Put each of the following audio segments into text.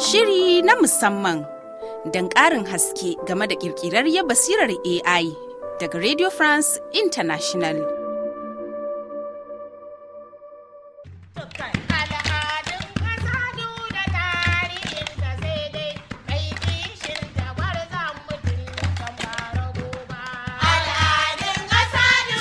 Shiri na musamman don ƙarin haske game da ƙirƙirar basirar AI daga Radio France International.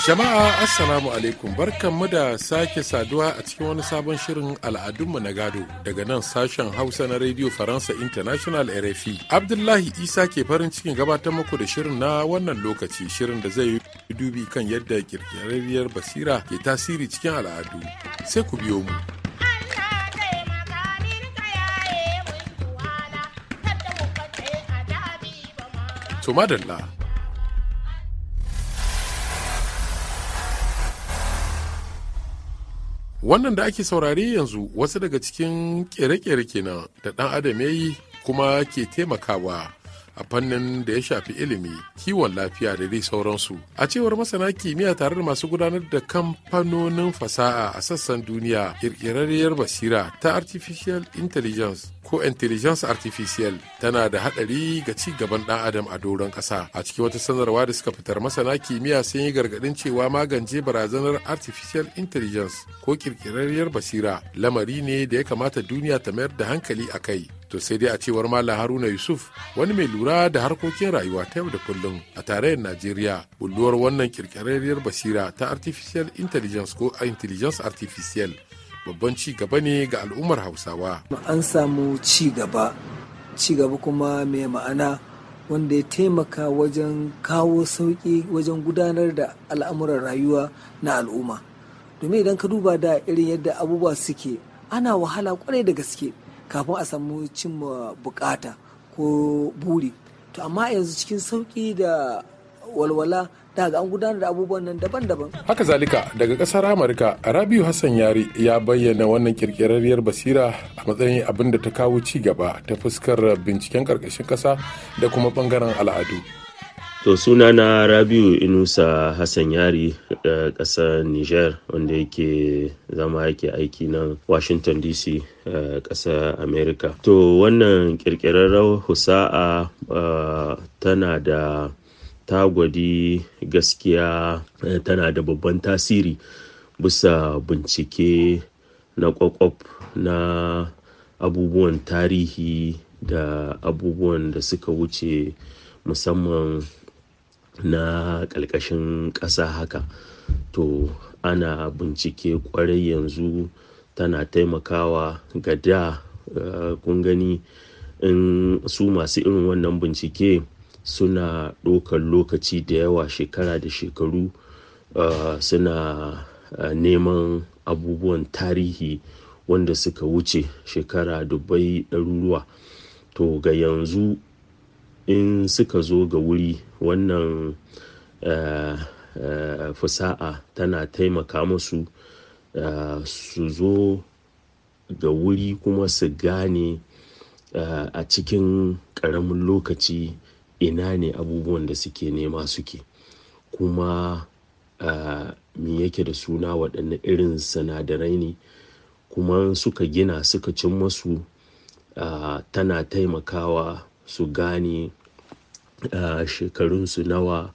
Jama'a Assalamu alaikum barkanmu da sake saduwa a cikin wani sabon shirin al'adunmu na gado daga nan sashen Hausa na Radio Faransa International RFI. Abdullahi Isa ke farin cikin gabatar muku da shirin na wannan lokaci shirin da zai yi dubi kan yadda kirkirarriyar basira ke tasiri cikin al'adu. Sai ku biyo mu. To madalla wannan da ake saurari yanzu wasu daga cikin kere-kere kenan da ɗan adam ya yi kuma ke taimakawa a fannin da ya shafi ilimi kiwon lafiya da dai sauransu a cewar masana kimiyya tare da masu gudanar da kamfanonin fasaha a sassan duniya ƙirƙirarriyar basira ta artificial intelligence ko intelligence artificial tana da haɗari ga ci gaban ɗan adam a doron ƙasa a cikin wata sanarwa da suka fitar masana kimiyya sun yi gargaɗin cewa magance barazanar artificial intelligence ko ƙirƙirarriyar basira lamari ne da ya kamata duniya ta mayar da hankali a kai to sai dai a cewar mala haruna yusuf wani mai lura da harkokin rayuwa ta yau da kullum a tarayyar najeriya bulluwar wannan kirkirarriyar basira ta artificial intelligence ko intelligence artificial babban ci gaba ne ga al'ummar hausawa an samu ci gaba ci gaba kuma mai ma'ana wanda ya taimaka wajen kawo sauƙi wajen gudanar da al'amuran rayuwa na al'umma domin idan ka duba da irin yadda abubuwa suke ana wahala kwarai da gaske kafin a samu cimma bukata ko buri to amma yanzu cikin sauki da walwala daga an gudanar da abubuwan nan daban-daban. Haka zalika daga kasar Amurka, Rabiu Hassan Yari ya bayyana wannan kirkirarriyar basira a matsayin abin da ta kawo ci gaba ta fuskar binciken karkashin kasa da kuma bangaren al'adu. To suna na Rabiu Inusa Hassan Yari da ƙasar Nijar, wanda yake zama yake aiki nan Washington DC eh, ƙasar Amerika. To wannan ƙirƙirarrar husa'a eh, tana da tagwadi gaskiya eh, tana da babban tasiri bisa bincike na kwakwaf na abubuwan tarihi da abubuwan da suka wuce musamman na ƙarƙashin ƙasa haka to ana bincike ƙwarai yanzu tana taimakawa ga da eh, kun gani in su masu irin wannan bincike suna ɗaukar lokaci da yawa shekara da shekaru eh, suna eh, neman abubuwan tarihi wanda suka wuce shekara dubbai ɗaruruwa to ga yanzu in suka zo ga wuri wannan eh, eh, fusa'a tana taimaka musu eh, su zo ga wuri kuma su gane a cikin ƙaramin lokaci ina ne abubuwan da suke nema suke kuma me yake da suna waɗanne irin sinadarai ne kuma suka gina suka cin masu tana taimakawa su gane uh, shekarunsu nawa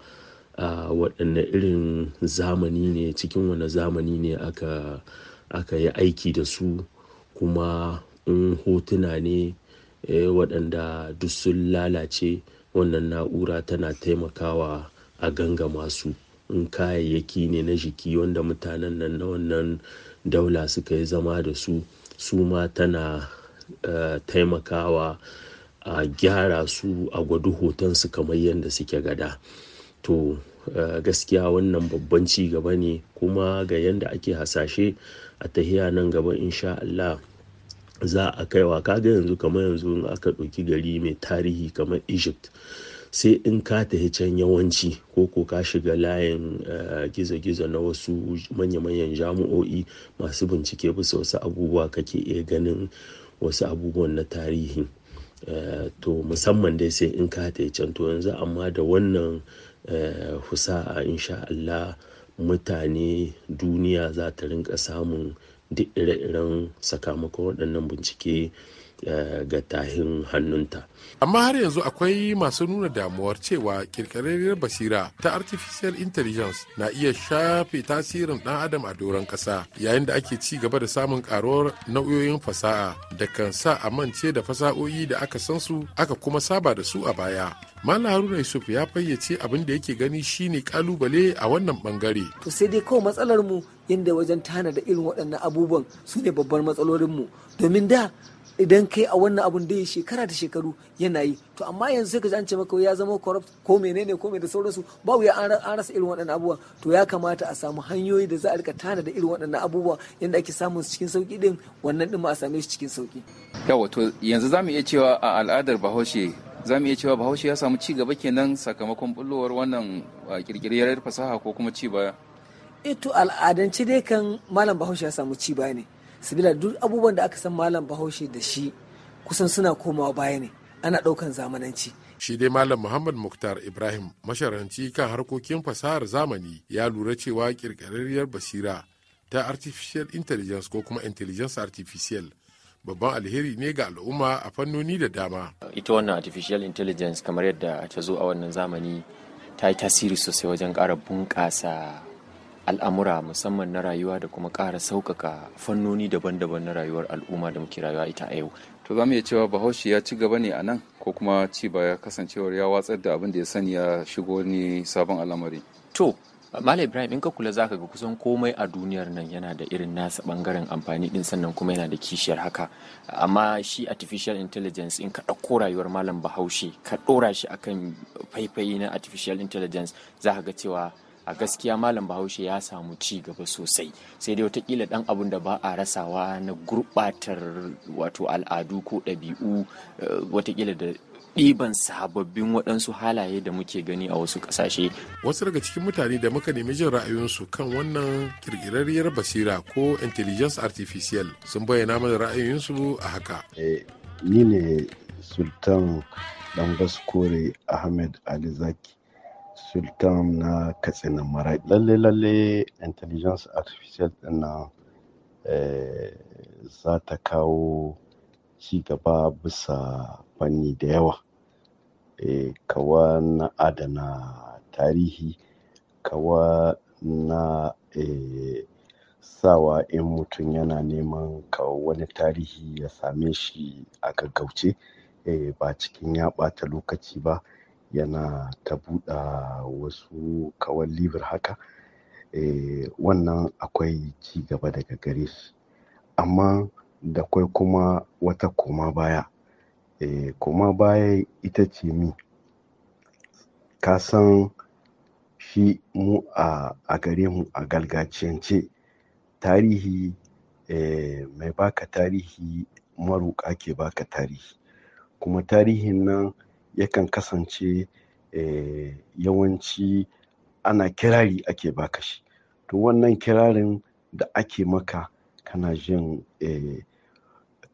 uh, waɗanne irin zamani ne cikin wani zamani ne aka, aka yi aiki da su kuma in hotuna ne eh, waɗanda duk sun lalace wannan na'ura tana taimakawa a gangama su in kayayyaki ne na jiki wanda mutanen nan na wannan daula suka yi zama da su su ma tana uh, taimakawa a gyara su a gwadu su kamar yadda suke gada to eh, gaskiya wannan babban ci gaba ne kuma ga yadda ake hasashe a tahiya nan gaba insha Allah za a kaiwa kaga yanzu kamar yanzu in aka ɗauki gari mai tarihi kamar egypt sai in ka tafi can yawanci ko ko ka shiga layin eh, gizo-gizo na wasu manya-manyan jami'o'i masu bincike bisa wasu abubuwa kake iya ganin wasu abubuwan na tarihi Eh, to musamman dai sai in ka ta can to yanzu amma da wannan eh, husa'a insha Allah mutane duniya za ta rinka samun duk ire-iren sakamako waɗannan bincike eh, ga tahin hannunta. Amma har yanzu akwai masu nuna damuwar cewa kirkirarriyar basira ta artificial intelligence na iya shafe tasirin ɗan adam a doron ƙasa yayin da ake ci gaba da samun ƙaruwar nau'o'in fasaha da kan sa a mance da fasahohi da aka san su aka kuma saba da su a baya. Malam Haruna Yusuf ya fayyace abin da yake gani shine kalubale a wannan bangare. To sai dai kawai matsalar mu yadda wajen tana da irin waɗannan abubuwan su ne babban matsalolinmu domin da idan kai a wannan abun da ya shekara da shekaru yana yi to amma yanzu sai ka ji an ce maka ya zama corrupt ko menene ko me da sauransu ba ya an rasa irin waɗannan abubuwan to ya kamata a samu hanyoyi da za a rika tana da irin waɗannan abubuwa yadda ake samun su cikin sauki din wannan din ma a same shi cikin sauki yawa to yanzu zamu iya cewa a al'adar bahaushe za mu iya cewa bahaushe ya samu ci gaba kenan sakamakon bullowar wannan kirkiriyar fasaha ko kuma ci baya ito eh al'adance dai kan malam bahaushe ya samu ci baya ne sabila duk abubuwan da aka san malam bahaushe da shi kusan suna komawa baya ne ana ɗaukan zamananci shi dai malam muhammad muktar ibrahim masharanci kan harkokin fasahar zamani ya lura cewa kirkirarriyar basira ta artificial intelligence ko kuma intelligence artificial babban alheri ne ga al'umma a fannoni da dama ita wannan artificial intelligence kamar yadda ta zo a wannan zamani ta yi tasiri sosai wajen ƙara bunƙasa al'amura musamman na rayuwa da kuma ƙara sauƙaƙa fannoni daban-daban na rayuwar al'umma da muke rayuwa ita a yau to za mu iya cewa bahaushe ya ci gaba ne a nan ko kuma ci baya kasancewar ya watsar da abin da ya sani ya shigo ni sabon al'amari to Malam Ibrahim in ka kula ka ga kusan komai a duniyar nan yana da irin nasa bangaren amfani din sannan kuma yana da kishiyar haka amma shi artificial intelligence in ka ɗauko rayuwar malam Bahaushe ka ɗora shi akan faifai na artificial intelligence za ka ga cewa a gaskiya malam bahaushe ya samu ci gaba sosai sai dai watakila dan abun da ba a rasawa na gurbatar wato al'adu ko ɗabi'u eh, watakila da ɗiban sababbin waɗansu halaye da muke gani a wasu ƙasashe. Wasu daga cikin mutane da muka nemi jin ra'ayinsu kan wannan kirkirarriyar basira ko intelligence artificial sun bayyana mana ra'ayinsu a haka. Eh, ni ne Sultan dan Kore Ahmed alizaki. sultan na katsina marai lalle lalle intelligence artificial din nan eh, za ta kawo gaba bisa fanni da yawa eh, kawa na adana tarihi kawa na eh, sawa in mutum yana neman kawo wani tarihi ya same shi a gaggauce ba cikin ya ɓata lokaci ba yana ta buɗa wasu kawar haka eh wannan akwai ci gaba daga gare shi amma da kwai kuma wata koma baya eh koma baya ita ce mi ka san shi mu a a gare mu a gargajiyance tarihi eh mai baka tarihi maruƙa ke baka tarihi kuma tarihin nan yakan kasance eh, yawanci ana kirari ake baka shi to wannan kirarin da ake maka kana jin eh,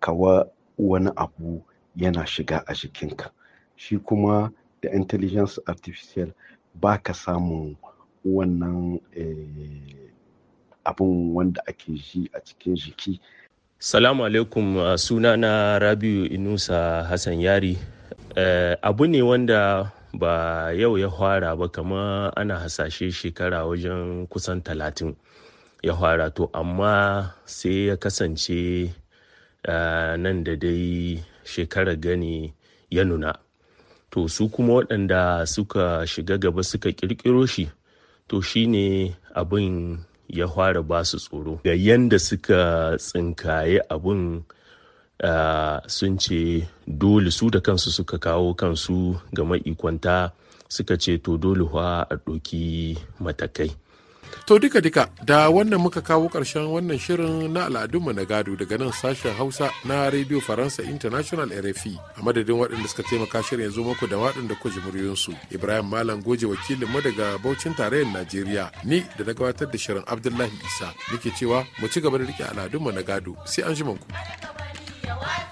kawa wani abu yana shiga a jikinka shi kuma da intelligence artificial ba ka samun wannan eh, abin wanda ake ji a cikin jiki salamu alaikum ah, sunana rabiu inusa hassan yari Eh, abu ne wanda ba yau ya fara ba kama ana hasashe shekara wajen kusan talatin ya fara to amma sai ya kasance eh, nan da dai shekarar gani ya nuna to su kuma waɗanda suka shiga gaba suka ƙirƙiro shi to shi ne abin ya fara ba su tsoro ga yadda suka tsinkaye abun. Eh, sun ce dole su da kansu suka kawo kansu ga ma'ikwanta suka ce to dole wa a ɗoki matakai. To duka-duka da wannan muka kawo ƙarshen wannan shirin na al'adunmu na gado daga nan sashen Hausa na Radio Faransa International RFI a madadin waɗanda suka taimaka shirin ya zo muku da waɗanda ku ji muryoyinsu. Ibrahim Malam Goje wakilinmu daga Bauchin Tarayyar Najeriya ni da na gabatar da shirin Abdullahi Isa muke cewa mu ci gaba da riƙe al'adunmu na gado sai an ji ku. What?